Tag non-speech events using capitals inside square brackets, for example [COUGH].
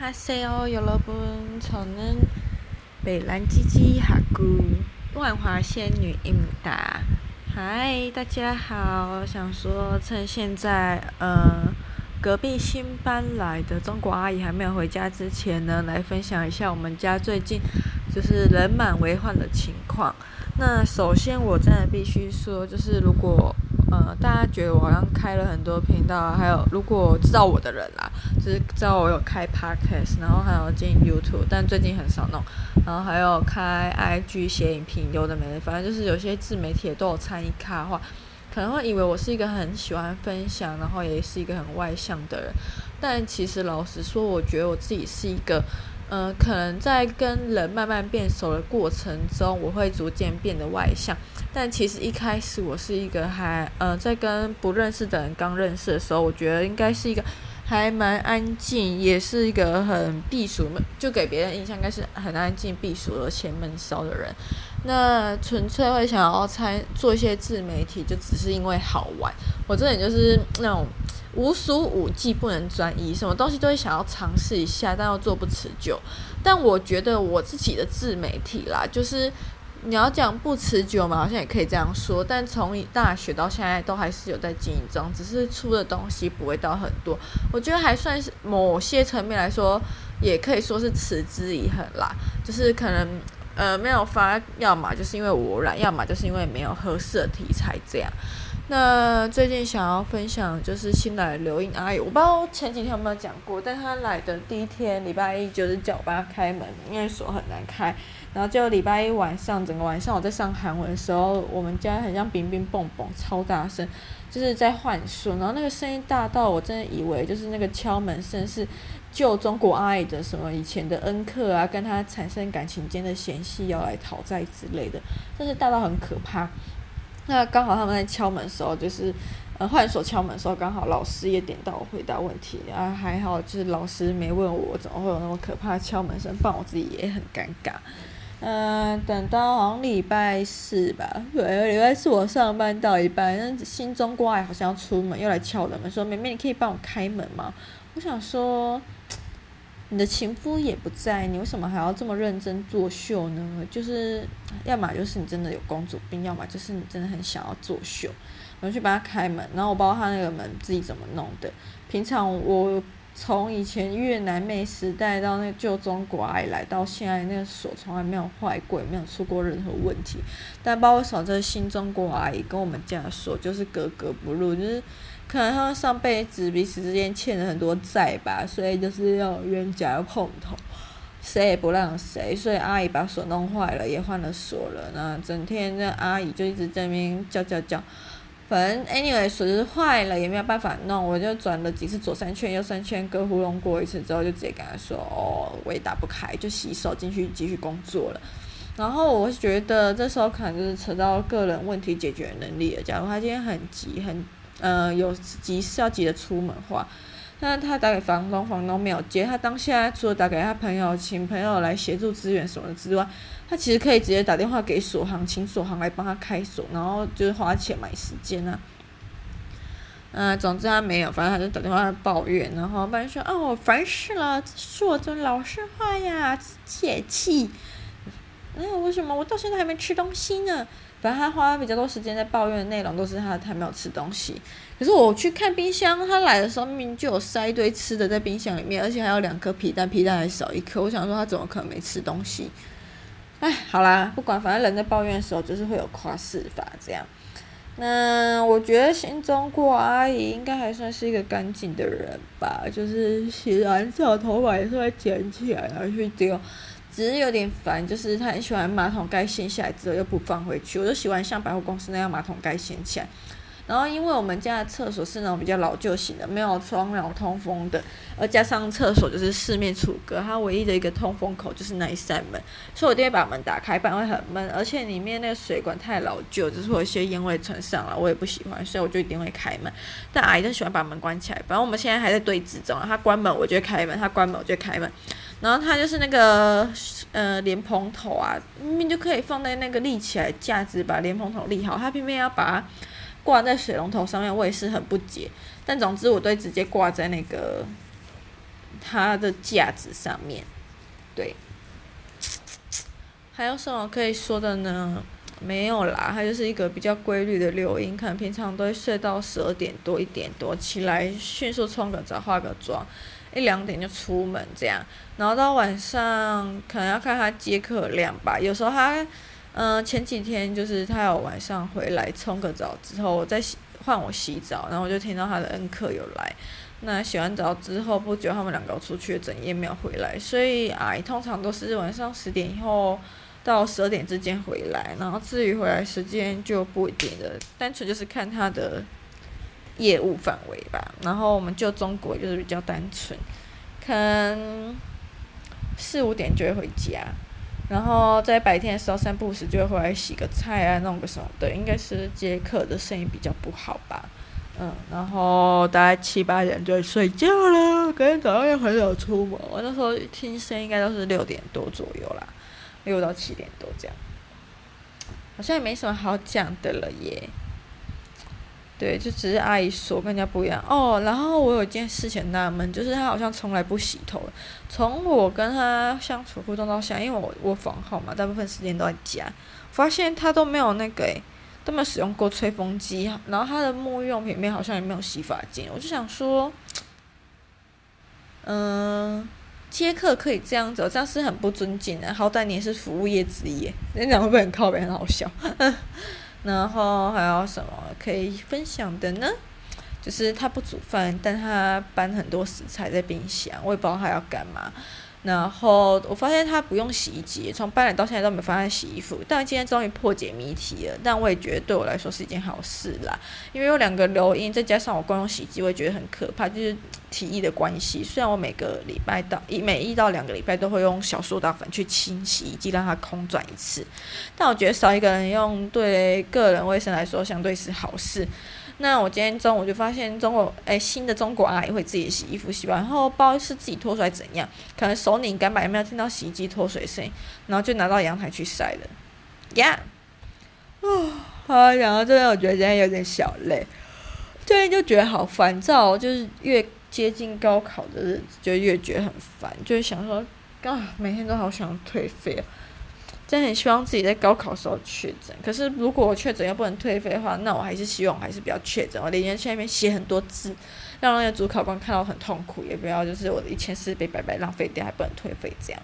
哈嘍，小夥伴們，北蘭姐姐哈姑，萬華仙女應答。嗨，大家好，我想說趁現在，呃、嗯，隔壁新搬來的中國阿姨還沒有回家之前呢，來分享一下我們家最近就是人滿為患的情況。那首先，我真的必須說，就是如果。呃，大家覺得我好像開了很多頻道，還有如果知道我的人啦，就是知道我有開 Podcast，然後還有進 YouTube，但最近很少弄，然後還有開 IG 寫影評，有的沒的，反正就是有些自媒體也都有參與卡的話，可能會以為我是一個很喜歡分享，然後也是一個很外向的人，但其實老實說，我覺得我自己是一個，嗯、呃，可能在跟人慢慢變熟的過程中，我會逐漸變得外向。但其實一開始我是一個還嗯、呃，在跟不認識的人剛認識的時候，我覺得應該是一個還蠻安靜，也是一個很避暑，就給別人印象應該是很安靜、避暑而且悶騷的人。那純粹會想要猜做一些自媒體，就只是因為好玩。我這點就是那種梧鼠五技，不能專一，什麼東西都會想要嘗試一下，但又做不持久。但我覺得我自己的自媒體啦，就是。你要講不持久嘛，好像也可以這樣說。但從大學到現在都還是有在經營中，只是出的東西不會到很多。我覺得還算是某些層面來說，也可以說是持之以恆啦。就是可能呃沒有發，要嘛就是因為我懶，要麼就是因為沒有合適的題材這樣。那最近想要分享就是新來的劉穎阿姨，我不知道前幾天有沒有講過，但她來的第一天，禮拜一就是叫她開門，因為鎖很難開。然後就禮拜一晚上，整個晚上我在上韓文的時候，我們家很像冰冰蹦蹦，超大聲，就是在換書。然後那個聲音大到我真的以為就是那個敲門聲是舊中國阿姨的什麼以前的恩客啊，跟她產生感情間的嫌隙要來討債之類的，但是大到很可怕。那剛好他們在敲門的時候，就是呃換鎖敲門的時候，剛好老師也點到我回答問題啊，還好就是老師沒問我怎麼會有那麼可怕的敲門聲，不然我自己也很尷尬。嗯、呃，等到好像禮拜四吧，對，禮拜四我上班到一半，那心中怪好像要出門，又來敲門說：“明明你可以幫我開門嗎？”我想說。你的情夫也不在，你為什麼還要這麼認真作秀呢？就是，要麼就是你真的有公主病，要麼就是你真的很想要作秀。我去幫他開門，然後我不知道他那個門自己怎麼弄的。平常我。從以前越南妹時代到那舊中國阿姨，來到現在那個鎖從來沒有壞過，也沒有出過任何問題。但包括鎖這新中國阿姨跟我們家的鎖就是格格不入，就是可能他們上輩子彼此之間欠了很多債吧，所以就是要冤家要碰頭，誰也不讓誰。所以阿姨把鎖弄壞了，也換了鎖了。那整天那阿姨就一直在那邊叫叫叫。反正 anyway 手機壞了也沒有辦法弄，我就轉了幾次左三圈右三圈，各糊弄過一次之後，就直接跟他說，哦，我也打不開，就洗手進去繼續工作了。然後我覺得這時候可能就是扯到個人問題解決能力了。假如他今天很急，很，嗯、呃，有急事要急着出門的話。他他打給房東，房東沒有接。他當下除了打給他朋友，請朋友來協助支援什麼之外，他其實可以直接打電話給鎖行，請鎖行來幫他開鎖，然後就是花錢買時間啊。嗯、呃，總之他沒有，反正他就打電話抱怨，然後抱怨說：“哦，煩死了，鎖總老是壞呀、啊，解氣！那、哎、為什麼我到現在還沒吃東西呢？”反正他花比較多時間在抱怨的內容都是他他沒有吃東西，可是我去看冰箱，他來的時候明明就有塞一堆吃的在冰箱裡面，而且還有兩顆皮蛋，皮蛋還少一顆。我想說他怎麼可能沒吃東西？唉，好啦，不管，反正人在抱怨的時候就是會有誇飾法這樣。那我覺得新中國阿姨應該還算是一個乾淨的人吧，就是洗完澡頭髮也是會撿起來去丟，只是有點煩，就是他很喜歡馬桶蓋掀下來之後又不放回去，我就喜歡像百貨公司那樣馬桶蓋掀起來。然後因為我們家的廁所是那種比較老舊型的，沒有窗，那種通風的，而加上廁所就是四面楚歌，它唯一的一個通風口就是那一扇門，所以我就會把門打開，不然會很悶。而且裡面那個水管太老舊，就是有一些煙味傳上來，我也不喜歡，所以我就一定會開門。但阿姨就喜歡把門關起來，反正我們現在還在對峙中，她他關門我就開門，他關門我就開門。然後他就是那個呃蓮蓬頭啊，明明就可以放在那個立起來架子，把蓮蓬頭立好，他偏偏要把它掛在水龍頭上面，我也是很不解。但總之我都直接掛在那個它的架子上面，對。還有什麼可以說的呢？沒有啦，他就是一個比較規律的流音，可能平常都會睡到十二點多一點多起來，迅速沖個澡，化個妝。一兩點就出門這樣，然後到晚上可能要看他接客量吧。有時候他，嗯、呃，前幾天就是他有晚上回來沖個澡之後，我再洗換我洗澡，然後我就聽到他的恩客有來。那洗完澡之後不久，他們兩個出去了整夜沒有回來，所以啊、哎，通常都是晚上十點以後到十二點之間回來，然後至於回來時間就不一定的，單純就是看他的。業務範圍吧，然後我們就中國就是比較單純，可能四五點就會回家，然後在白天的時候三不五時就會回來洗個菜啊，弄個什麼的，應該是接客的生意比較不好吧，嗯，然後大概七八點就會睡覺了，每天早上也很早出門，我那時候聽聲音應該都是六點多左右啦，六到七點多這樣，好像也沒什麼好講的了耶。對，就只是阿姨說跟人家不一樣哦。然後我有一件事情很納悶，就是他好像從來不洗頭。從我跟他相處互動，動到現，因為我我房號嘛，大部分時間都在家，發現他都沒有那個誒，都沒有使用過吹風機。然後他的沐浴用品裡面好像也沒有洗髮精。我就想說，嗯、呃，接客可以這樣子，這樣是很不尊敬的、啊。好歹你也是服務業職業，人家會不會很靠北，很好笑？ [LAUGHS] 然後還有什麼可以分享的呢？就是他不煮飯，但他搬很多食材在冰箱，我也不知道他要幹嘛。然後我發現他不用洗衣機，從搬來到現在都沒發現洗衣服，但今天終於破解謎題了。但我也覺得對我來說是一件好事啦，因為有兩個留言，再加上我共用洗衣機，我也覺得很可怕，就是。體液的關係，雖然我每個禮拜到一每一到兩個禮拜都會用小蘇打粉去清洗洗衣機，讓它空轉一次，但我覺得少一個人用對個人衛生來說相對是好事。那我今天中午就發現中國誒、欸、新的中國阿姨會自己洗衣服，洗完然後不知道是自己脫水還怎樣，可能手擰乾吧，有沒有聽到洗衣機脫水聲？然後就拿到陽台去曬了。呀、yeah.，啊，講到這邊我覺得今天有點小累，最近就覺得好煩躁，就是越，接近高考的日子，就越覺得很煩，就是想說啊，每天都好想退費啊！真的很希望自己在高考的時候確診。可是如果我確診又不能退費的話，那我還是希望還是比較確診。我連夜去那邊寫很多字，讓那些主考官看到很痛苦，也不要就是我的一千四被白白浪費掉，還不能退費這樣。